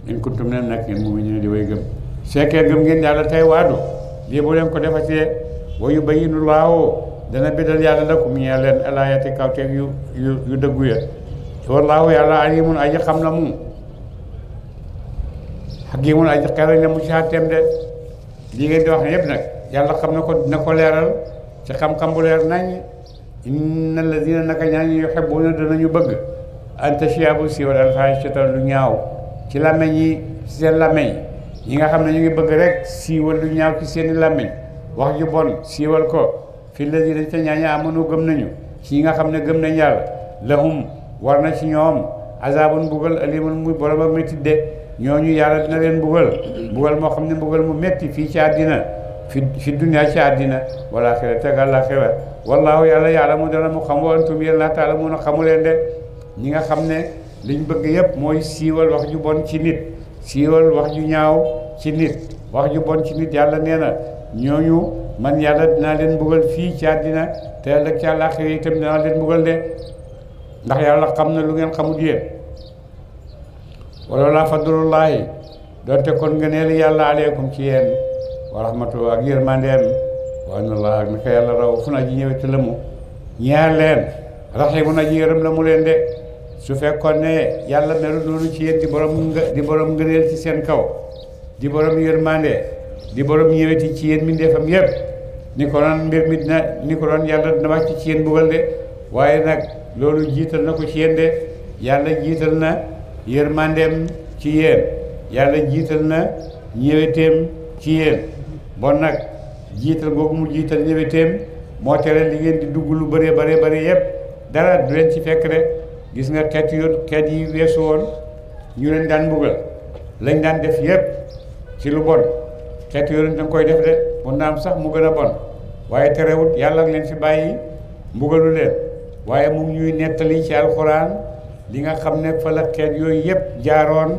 in kuntum ne nekk ngeen mu'miniina di way gëm su gëm ngeen yàlla tey waadu lii bu leen ko defatee wa yubayyinu laahu dana bidal yàlla lakum ñeel leen te kawteeg yu yu yu dëggu ya wallaahu yàlla alimun aji xam la mu hakimun aji xereñ la mu ci àtteem de lii ngeen di wax yëpp nag yàlla xam na ko na ko leeral ci xam-xam bu leer nañ inna alladina naka ñaan yuhibbuna danañu bëgg an tasii'a bu siiwal alfaahisha lu ñaaw ci làmmeñ yi seen làmmeñ ñi nga xam ne ñu ngi bëgg rek siiwal lu ñaaw ci seen làmmeñ wax ju bon siiwal ko fi lasi dañ ta ñaaña amanu gëm nañu ci ñi nga xam ne gëm nañ yàlla lahum war na ci ñoom azabun mbugal alimun muy borom ak métti de ñooñu yàlla dina leen mbugal mbugal moo xam ne mbugal mu métti fii ci àddina fi fi dunya ci àddina wala xira teg àllaxira wallaahu yàlla yàlla mu dana mu xam wa antum yéen laa taala mun a xamu leen de ñi nga xam ne liñ bëgg yëpp mooy siiwal wax ju bon ci nit siiwal wax ju ñaaw ci nit wax ju bon ci nit yàlla nee na ñooñu man yàlla dinaa leen mbugal fii ci àddina te la ci àllaaxira itam dinaa leen mbugal de ndax yàlla xam na lu ngeen xamut yéen wala laa fadlullaahi doonte kon nga nee la yàlla aleykum ci yéen wa rahmatu ak yërmandeem wa anna laa ak naka yàlla raw fu na ji ñëwee ci lëmu ñeer leen raxiimu na ji yërëm la mu leen de su fekkoon ne yàlla melu noonu ci yéen di borom di borom ngëneel ci seen kaw di borom yërmande di borom ñëweti ci yéen mbindeefam yépp ni ko doon mbir mi dina ni ko doon yàlla dina wàcc ci yéen bugal de waaye nag loolu jiital na ko ci yéen de yàlla jiital na yërmandeem ci yéen yàlla jiital na ñëweteem ci yéen bon nag jiital googu mu jiital ñëweteem moo tere li ngeen di dugg lu bëree bëree bëri yépp dara du leen ci fekk de. gis nga xeet yu xeet yi weesu woon ñu leen daan mbugal lañ daan def yépp ci lu bon xeet yooyu da nga koy def de mun naa am sax mu gën a bon waaye terewut yàlla leen fi bàyyi mbugalu leen waaye mu ñuy nettali ci alxuraan li nga xam ne fa la xeet yooyu yépp jaaroon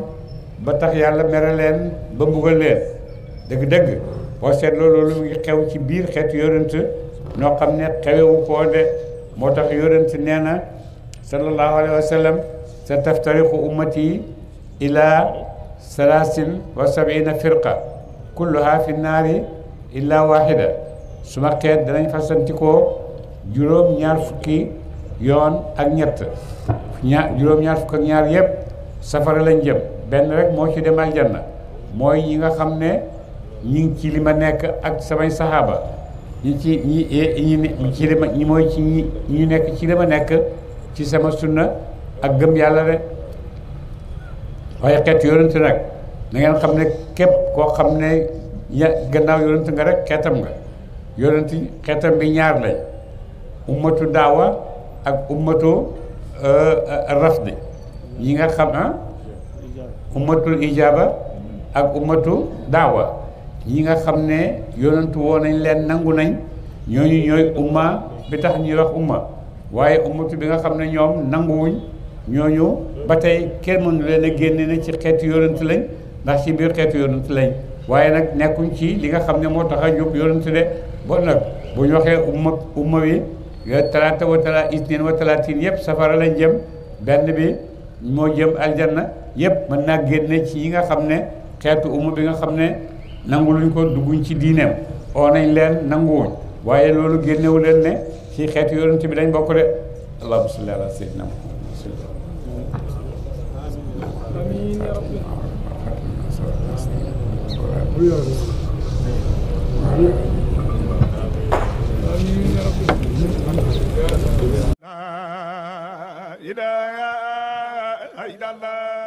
ba tax yàlla mere leen ba mbugal leen dëgg-dëgg boo seetloo loolu mu ngi xew ci biir xeet yonent noo xam ne xewewu koo moo tax yonent nee na sallallahu alayhi wa sallam sa taftariqu ummati ila salaasin wa sabina firqa kulluha fi naari illa wahida suma xeet danañ fasantikoo juróom ñaar fukki yoon ak ñett ñaar juróom ñaar fukk ak ñaar yëpp safara lañ jëm benn rek moo ci dem aljanna mooy ñi nga xam ne ñi ci li ma nekk ak samay saxaaba ñi ci ñi ñi ñi ñi ñu nekk ci li ma nekk ci sama sunna ak gëm yàlla de waaye xeet yonent nag na ngeen xam ne képp koo xam ne ña gannaaw yonent nga rek xeetam nga yonent xeetam bi ñaar lañ ummatu daawa ak ummatu euh, rafdi ñi xam ah ummatul ak ummatu daawa ñi nga xam ne yonentu woo nañ leen nangu nañ ñooñu ñooy umma bi tax ñuy wax umma waaye umatu bi nga xam ne ñoom nanguwuñ ñooñu ba tey kenn mënu leen a génne ne ci xeetu yonent lañ ndax ci biir xeetu yonent lañ waaye nag nekkuñ ci li nga xam ne moo tax a jóg yonent de bon nag bu ñu waxee umma umma bi talaata wa tala isnin wa talaatin yëpp safara lañ jëm benn bi moo jëm aljanna yëpp mën naa génne ci yi nga xam ne xeetu umma bi nga xam ne nanguluñ ko dugguñ ci diineem oo nañ leen nanguwuñ waaye loolu génnewu leen ne ci xeetu yonent bi dañ bokk de allahumma salli ala sayyidina muhammad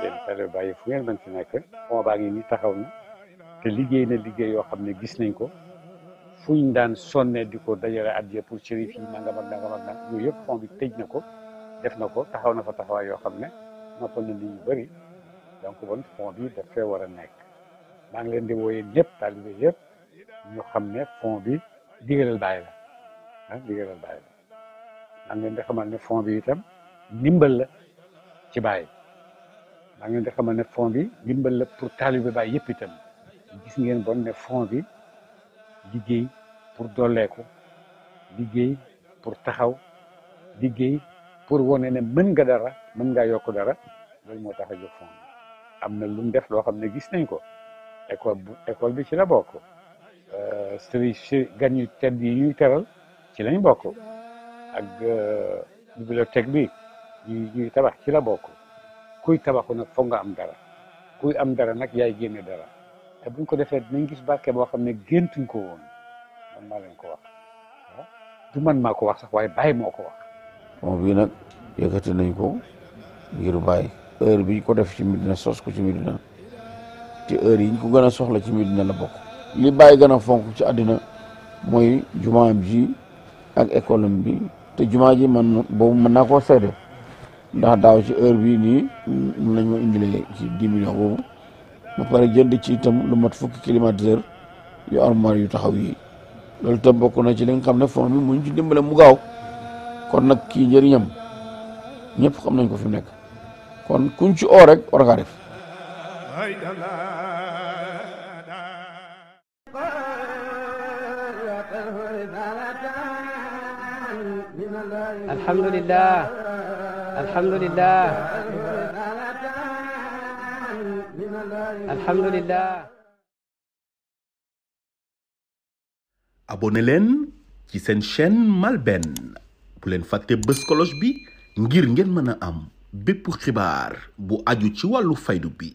yéen tare bàyyi fu ngeen mën ci nekk fond baa ngi nii taxaw na te liggéey na liggéey yoo xam ne gis nañ ko fu ñu daan sonne di ko dajale addiya pour shérif yi nangam ak nangam ak nangam yooyu yëpp fond bi tëj na ko def na ko taxaw na fa taxawaay yoo xam ne noppal na ñu bëri donc bon fond bi daf fee war a nekk maa ngi leen di wooyee yépp taalibe yëpp ñu xam ne fond bi digalal baay la ah digalal baay la maa ngi leen di xamal ne fond bi itam ndimbal la ci baay maa ngi leen di xamal ne fon bi ndimbal la pour taalibe baay yëpp itam gis ngeen bon ne fond bi liggéey pour dolleeku liggéey pour taxaw liggéey pour wone ne mën nga dara mën ngaa yokk dara loolu moo tax a jóg fond am na lu mu def loo xam ne gis nañ ko école bu école bi ci la bokk euh, sëriñ si gan yu ñuy teral ci lañ bokk ak euh, bibliothèque bi ñuy ñuy tabax ci la bokk kuy tabaxu nag foog nga am dara kuy am dara nag yaay génne dara te buñ ko defee dinañ gis barke boo xam ne géntuñ ko woon man maa leen ko wax du man maa ko wax sax waaye bàyyi moo ko wax. bon bii nag yëkkati nañ ko ngir bàyyi heure bi ko def ci Medina sos ko ci Medina te heure yi ñu ko gën a soxla ci Medina la bokk. li bàyyi gën a fonk ci àddina mooy jumaam ji ak école bi te jumaa ji man boobu mën naa koo seede ndax daaw ci heure bii nii mën nañ ma indilee ci dix millions boobu. ba pare jënd ciitam lu mat fukki climatiseur yu armoire yu taxaw yi loolu itam bokk na ci li nga xam ne fond bi mu ñu ci dimbale mu gaaw kon nag kii njëriñam ñëpp xam nañ ko fi nekk kon kuñ ci oo rek war ngaa def alhamdulilah. abonné leen ci seen chaîne MALBN bu leen fàtte bës cloche bi ngir ngeen mën am bépp xibaar bu aju ci wàllu faydu bi.